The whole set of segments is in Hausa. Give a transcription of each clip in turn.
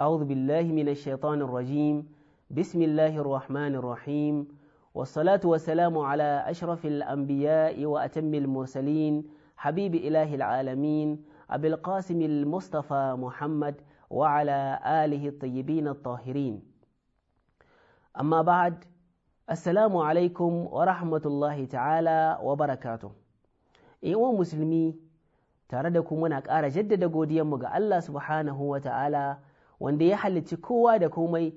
أعوذ بالله من الشيطان الرجيم بسم الله الرحمن الرحيم والصلاة والسلام على أشرف الأنبياء وأتم المرسلين حبيب إله العالمين أبي القاسم المصطفى محمد وعلى آله الطيبين الطاهرين أما بعد السلام عليكم ورحمة الله تعالى وبركاته إيوا مسلمي tare da kuma muna ƙara jaddada godiyanmu ga Allah subhanahu wa ta'ala wanda ya halicci kowa da komai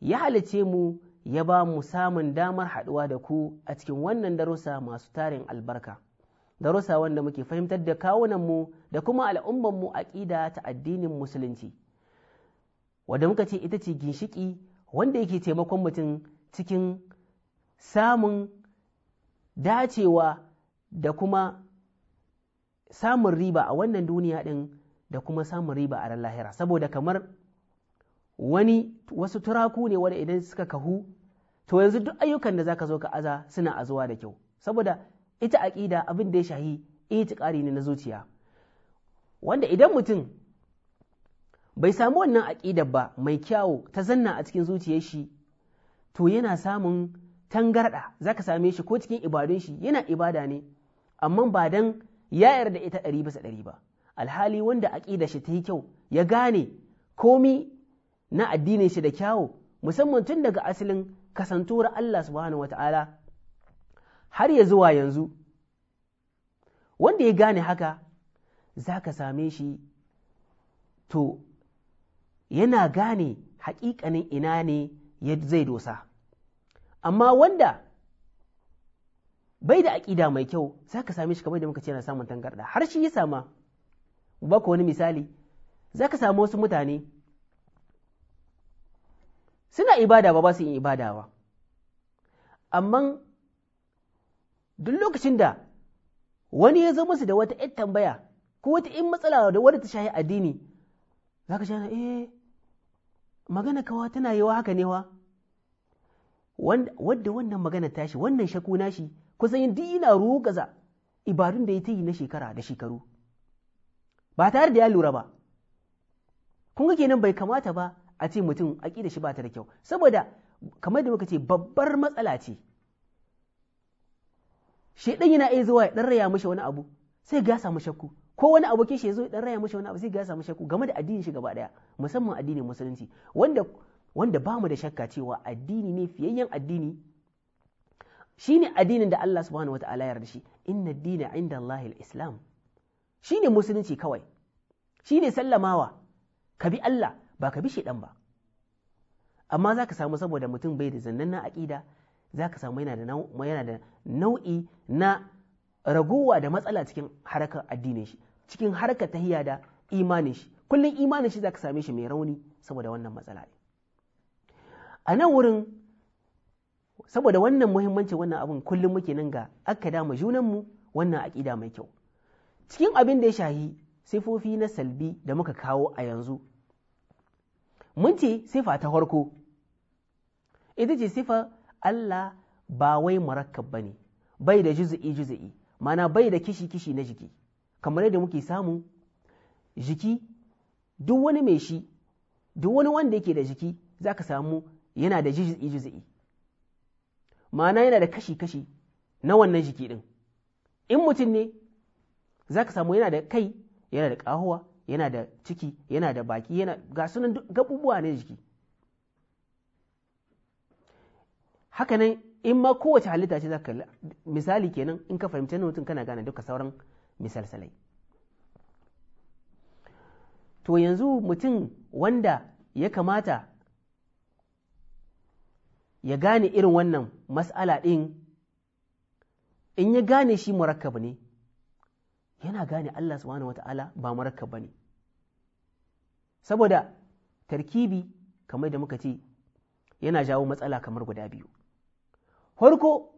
ya halice mu ya ba mu samun damar haɗuwa da ku a cikin wannan darussa masu tarin albarka darussa wanda muke fahimtar da kawunanmu da kuma al'ummanmu aƙida ta addinin musulunci wadda muka ce ita ce ginshiki wanda yake taimakon mutum cikin samun dacewa da kuma samun riba a wannan duniya ɗin da kuma samun riba a ran lahira saboda kamar wani wasu turaku ne wanda idan suka kahu to yanzu duk ayyukan da zaka zo ka aza suna zuwa da kyau saboda ita aƙida abin da ya shahi itikari ne na zuciya wanda idan mutum bai samu wannan aqidar ba mai kyawo ta zanna a cikin zuciyar shi to yana samun tangarda zaka same shi ko cikin ibadun shi yana ibada ne amma ba dan ya yarda ita ɗari bisa ɗari ba alhali wanda aƙida shi ta yi kyau ya gane komi na addinin shi da kyawu musamman tun daga asalin kasantuwar Allah subhanahu wata'ala har ya zuwa yanzu wanda ya gane haka za ka same shi to yana gane haƙiƙanin ina ne zai dosa amma wanda bai da aƙida mai kyau za ka same shi kamar da muka ce yana samun tangarɗa har shi ya sama ba wani misali za ka samu wasu mutane suna ibada ba ba su yin ibada ba amma duk lokacin da wani ya zo musu da wata 'yan tambaya ko wata 'yan matsala da wadda ta shahi addini za ka shana eh magana kawa tana yi wa haka ne wa wadda wannan magana tashi wannan shakuna shi, kusan yin duk yana rugaza ibadun da ya ta yi na shekara da shekaru ba tare da ya lura ba kun ga kenan bai kamata ba a ce mutum a da shi ba ta da kyau saboda kamar da muka ce babbar matsala ce shedan yana iya zuwa ya dan raya mishi wani abu sai ga samu shakku ko wani abokin shi ya zo ya dan raya mishi wani abu sai ga samu shakku game da addinin shi gaba daya musamman addinin musulunci wanda wanda ba mu da shakka cewa addini ne fiyayyen addini shine addinin da Allah subhanahu wataala ya yarda shi inna dina inda Allah islam shine musulunci kawai shi ne sallamawa ka bi Allah ba ka bi shi ɗan ba amma za ka samu saboda mutum bai da zannan aƙida za ka samu yana da nau'i na raguwa da matsala cikin harkar addinin shi cikin harkar tahiya da imanin shi kullum imanin shi za ka same shi mai rauni saboda wannan matsala a nan wurin saboda wannan muhimmanci wannan abin kullum muke nan ga aka dama junanmu wannan aƙida mai kyau cikin abin da ya shahi sifofi na salbi da muka kawo a yanzu mun ce sifa ta farko ita ce sifa Allah ba wai murakkab ba ne bai da juzu'i juzu'i mana bai da kishi kishi na jiki kamar yadda muke samu jiki duk wani mai shi duk wani wanda yake da jiki za ka samu yana da juzu'i juzu'i ma'ana yana da kashi kashi na wannan jiki ɗin in mutum ne za ka samu yana da kai yana da kahuwa yana da ciki yana da baki yana ga sunan gabubuwa ne jiki haka nan in ma kowace halitta ce ka kalli misali kenan in ka fahimci na mutum kana gane duka sauran misalsalai to yanzu mutum wanda ya kamata ya gane irin wannan mas'ala ɗin in ya gane shi murakkabu ne yana gane Allah subhanahu wata'ala ba ba ne saboda tarkibi kamar da muka ce yana jawo matsala kamar guda biyu farko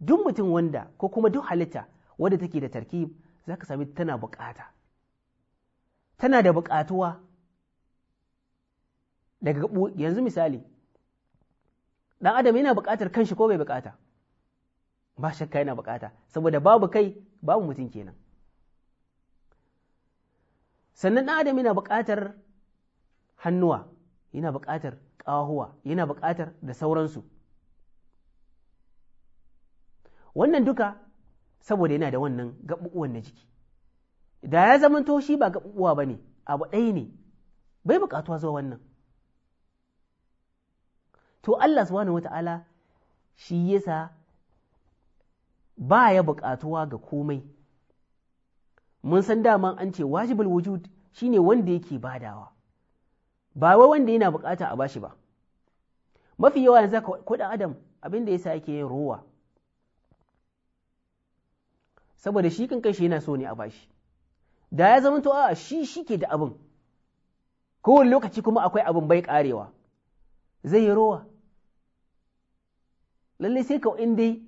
duk mutum wanda ko kuma duk halitta wadda take da tarkib za ka sami tana bukata tana da bukatuwa daga yanzu misali dan adam yana bukatar kanshi ko bai bukata ba shakka yana bukata saboda babu kai babu mutum kenan sannan ɗan adam yana buƙatar hannuwa yana buƙatar ƙahuwa yana buƙatar da sauransu wannan duka saboda yana da wannan gaɓuɓuwan na jiki da ya zamanto shi ba gaɓuɓuwa ba ne abu ɗaya ne bai buƙatuwa zuwa wannan to Allah subhanahu wata'ala shi yasa ba ya buƙatuwa ga komai mun san dama an ce wajibul wujud shine wanda yake badawa ba wai wanda yana bukata a bashi ba mafi yawa yanzu ko dan adam abin da yasa yake yin ruwa. saboda shi kan kai yana so ne a bashi da ya zama to a shi ke da abin kowane lokaci kuma akwai abin bai karewa zai yi ruwa. lallai sai ka in dai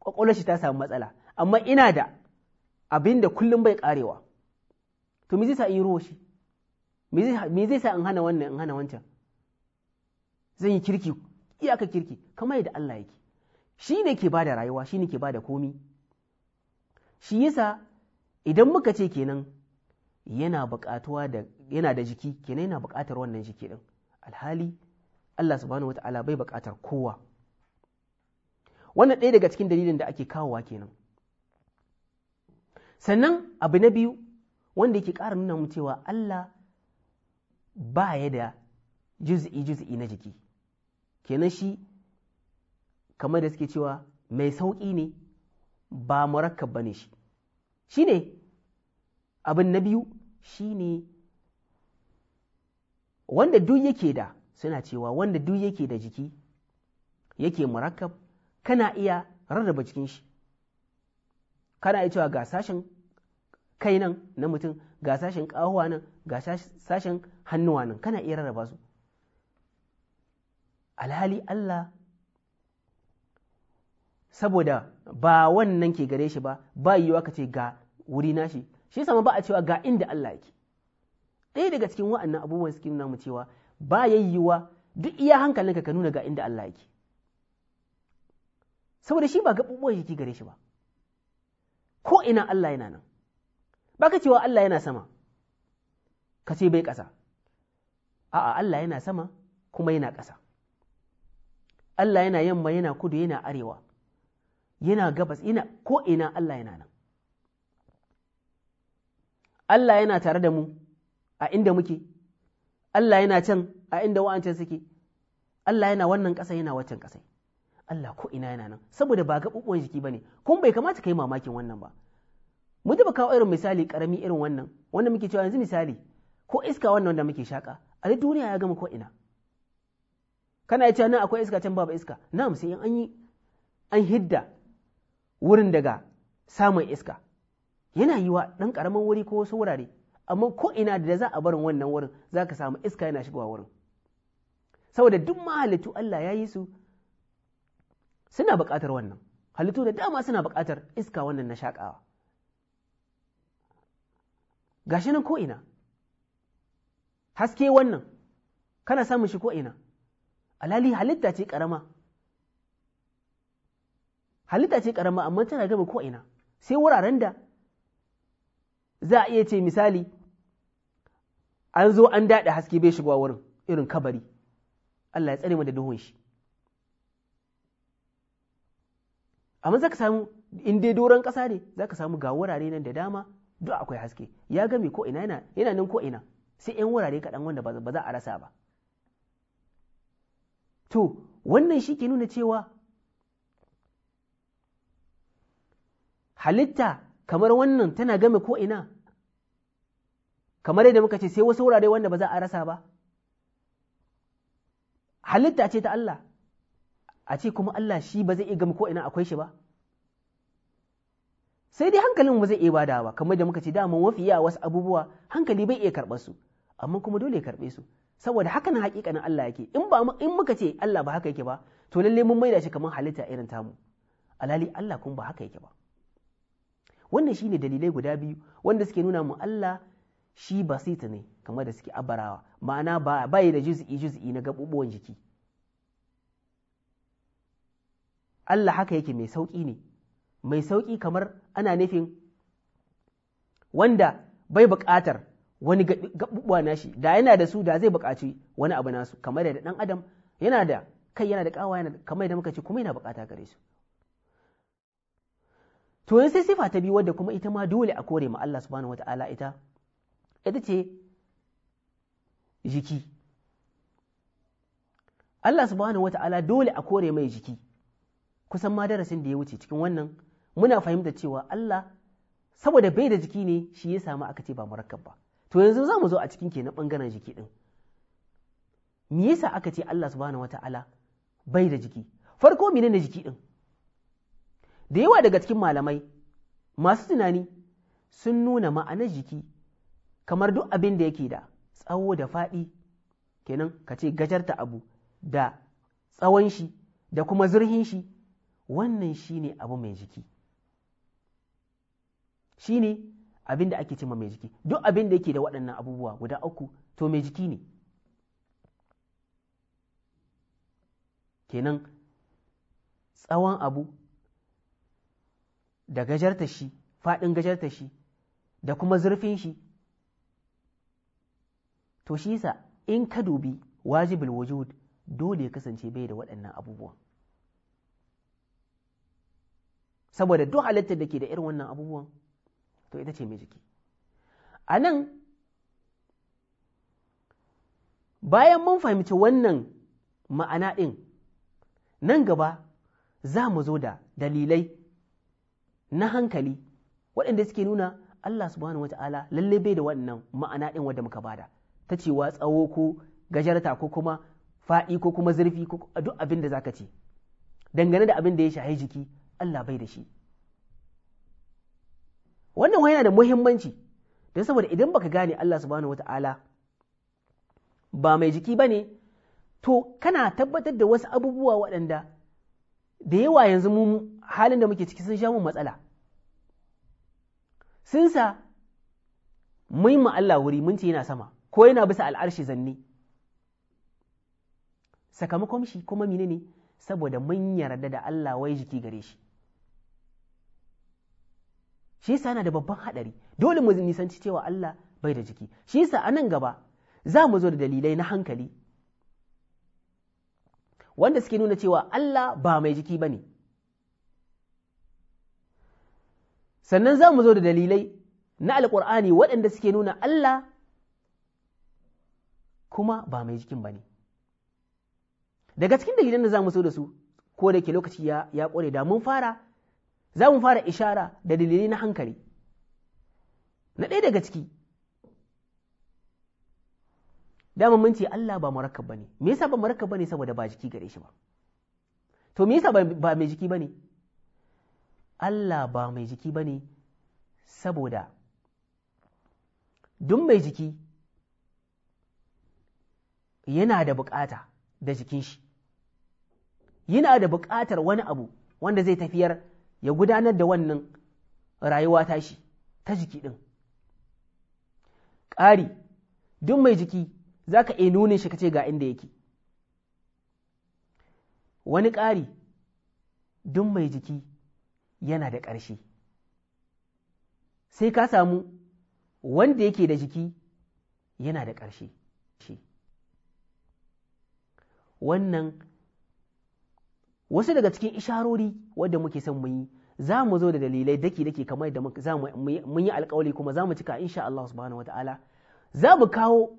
kwakwalwar shi ta samu matsala amma ina da abin da kullum bai karewa to me zai sa yi shi me zai sa in hana wannan in hana wancan zan yi kirki iyaka kirki kamar yadda Allah yake shi ne ke bada rayuwa shi ne ke bada komi shi yasa idan muka ce kenan yana bukatuwa, da yana da jiki kenan yana bukatar wannan jiki din alhali Allah subhanahu wata'ala bai bukatar kowa wannan ɗaya daga cikin dalilin da ake kawowa kenan sannan abu na biyu wanda yake ƙara nuna mu cewa Allah ba ya da juz'i juz'i na jiki kenan shi kamar da suke cewa mai sauƙi ne ba murakkab ne shi Shi ne abin na biyu shi ne. wanda duk yake da suna cewa wanda duk yake da jiki yake murakkab kana iya rarraba cikin shi kana iya cewa ga sashen kai nan na mutum ga sashen ƙahuwa nan ga sashen hannuwa nan kana iya rarraba su alhali Allah saboda ba wannan ke gare shi ba ba yiwuwa ka ce ga wuri nashi shi sama ba a cewa ga inda Allah yake ɗaya daga cikin wa'annan abubuwan suke nuna mu cewa ba yayyuwa duk iya hankalinka ka nuna ga inda Allah yake saboda shi ba gaɓuɓuwan yake gare shi ba ko ina Allah yana nan ba ka cewa Allah yana sama ka ce bai ƙasa a'a Allah yana sama kuma yana ƙasa Allah yana yamma yana kudu yana arewa yana gabas yana ko ina Allah yana nan Allah yana tare da mu a inda muke Allah yana can a inda wa'ancan suke Allah yana wannan ƙasa yana waccan ƙasa Allah ko ina yana nan saboda ba gaɓuɓuwan jiki bane kun bai kamata kai mamakin wannan ba mu duba kawo irin misali karami irin wannan wanda muke cewa yanzu misali ko iska wannan wanda muke shaka a duk duniya ya gama ko ina kana cewa nan akwai iska can babu iska na, sai in an yi an hidda wurin daga samun iska yana yiwa ɗan karamin wuri ko wasu wurare amma ko ina da za a barin wannan wurin za ka samu iska yana shigowa wurin saboda duk mahalittu Allah ya yi su suna buƙatar wannan halittu da dama suna buƙatar iska wannan na shaƙawa Ga shi nan ko'ina haske wannan kana samun shi ko'ina alali halitta ce ƙarama halitta ce ƙarama amma tana gaba ko'ina sai wuraren da za a iya ce misali an zo an daɗa haske bai shigowa wurin irin kabari Allah ya tsare mu da duhun shi amma za ka samu in dai doron ƙasa ne za ka samu ga wurare nan da dama duk akwai haske ya gami ko ina yana yana nan ko ina sai yan wurare kaɗan wanda ba za a rasa ba to wannan shi ke nuna cewa halitta kamar wannan tana game ko ina kamar yadda muka ce sai wasu wurare wanda ba za a rasa ba halitta ce ta Allah a ce kuma Allah shi ba zai iya gami ko ina akwai shi ba sai dai hankalin ba zai iya bada ba kamar da muka ce dama mafi yawa wasu abubuwa hankali bai iya karɓar su amma kuma dole ya karɓe su saboda haka na hakikanin Allah yake in ba in muka ce Allah ba haka yake ba to lalle mun maida shi kamar halitta irin tamu alali Allah kun ba haka yake ba wannan shine dalilai guda biyu wanda suke nuna mu Allah shi basita ne kamar da suke abarawa ma'ana ba bai da juz'i juz'i na gabubuwan jiki Allah haka yake mai sauki ne mai sauƙi kamar ana nufin wanda bai buƙatar wani gaɓuɓuwa nashi da yana da su da zai buƙaci wani abu nasu kamar da ɗan adam yana da kai yana da ƙawa yana da kamar da muka ce kuma yana buƙata gare su to yin sai sifa ta biyu wadda kuma ita ma dole a kore ma Allah subhanahu wata'ala ita ita ce jiki Allah subhanahu wata'ala dole a kore mai jiki kusan ma darasin da ya wuce cikin wannan muna fahimta cewa Allah saboda bai da jiki ne shi ya samu aka ce ba murakkab ba to yanzu za mu zo a cikin kenan bangaren jiki ɗin. me yasa aka ce Allah subhanahu wata'ala bai da jiki farko menene jiki ɗin? da yawa daga cikin malamai masu tunani sun nuna ma'anar jiki kamar duk abin da yake da tsawo da faɗi kenan ka ce gajarta abu da tsawon shi da kuma zurhin shi wannan shi ne abu mai jiki shine abin da ake cimma mai jiki duk abin da yake da waɗannan abubuwa guda uku to mai jiki ne kenan tsawon abu da gajarta shi faɗin gajarta shi da kuma zurfin shi to shi yasa in ka dubi wajibul wujud dole ya kasance bai da waɗannan abubuwan saboda duk halittar da ke da irin wannan abubuwan to ita ce mai jiki a nan bayan mun fahimci wannan ma'ana ɗin nan gaba za mu zo da dalilai na hankali waɗanda suke nuna Allah subhanahu wata'ala lalle bai da wannan ma'ana ɗin wadda muka bada ta cewa tsawo ko gajarta ko kuma faɗi ko kuma zurfi ko duk abin da zaka ce dangane da abin da ya shahi jiki Allah bai da shi wannan wani yana da muhimmanci don saboda idan baka gane Allah subhanahu wata'ala ba mai jiki ba ne to kana tabbatar da wasu abubuwa waɗanda da yawa yanzu mu halin da muke ciki sun sha mun matsala sun sa mun ma Allah wuri mun ce yana sama ko yana bisa al'arshi zanne sakamakon shi kuma mine ne saboda mun yarda da Allah wai jiki gare shi shi yasa yana da babban hadari dole mu nisanci cewa Allah bai da jiki shi yasa a nan gaba za mu zo da dalilai na hankali wanda suke nuna cewa Allah ba mai jiki ba ne sannan za mu zo da dalilai na alƙur'ani waɗanda suke nuna Allah kuma ba mai jikin ba ne daga cikin dalilan da za mu so da su ko da ke lokaci ya ƙware da mun fara za mu fara ishara da dalilai na hankali na ɗaya daga ciki dama mun ce Allah ba murakkab bane me yasa ba murakkab bane saboda ba jiki gare shi ba to me yasa ba mai jiki bane Allah ba mai jiki bane saboda duk mai jiki yana da bukata da jikin shi yana da bukatar wani abu wanda zai tafiyar ya gudanar da wannan rayuwa tashi ta jiki ɗin ƙari duk mai jiki za ka iya nunin shi kace ga inda yake wani ƙari duk mai jiki yana da ƙarshe sai ka samu wanda yake da jiki yana da ƙarshe wannan wasu daga cikin isharori wadda muke son mu yi za mu zo da dalilai daki daki kamar da mun yi alkawali kuma za mu cika insha Allah subhanahu wa ta'ala za mu kawo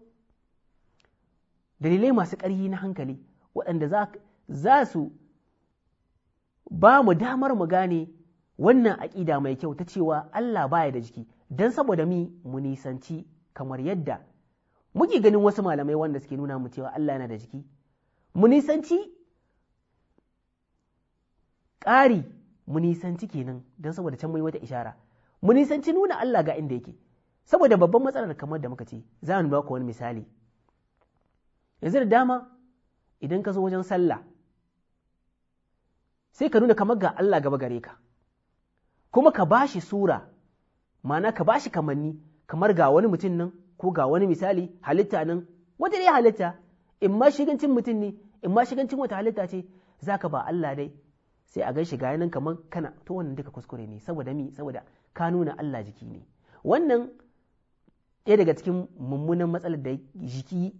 dalilai masu ƙarfi na hankali waɗanda za su ba mu damar mu gane wannan aƙida mai kyau ta cewa Allah baya da jiki don saboda mi mu nisanci kamar yadda muke ganin wasu malamai wanda suke nuna mu cewa Allah yana da jiki mu nisanci ƙari mu nisanci kenan don saboda can mu yi wata ishara mu nisanci nuna Allah ga inda yake saboda babban matsalar kamar da muka ce za mu baka wani misali yanzu da dama idan ka zo wajen sallah sai ka nuna kamar ga Allah gaba gare ka kuma ka bashi sura mana ka bashi kamanni kamar ga wani mutum nan ko ga wani misali halitta nan wata dai halitta in ma shigancin mutum ne in ma shigancin wata halitta ce za ka ba Allah dai sai a gan shi gayanan kamar kana to wannan duka kuskure ne saboda mi saboda ka nuna Allah jiki ne wannan ɗaya daga cikin mummunan matsalar da jiki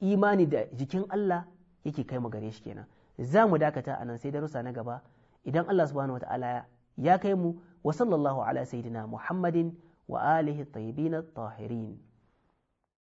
imani da jikin Allah yake kai mu gare shi kenan za mu dakata anan sai darussa na gaba idan Allah subhanahu wataala ya kai mu wa sallallahu ala sayyidina Muhammadin wa alihi tayyibin at-tahirin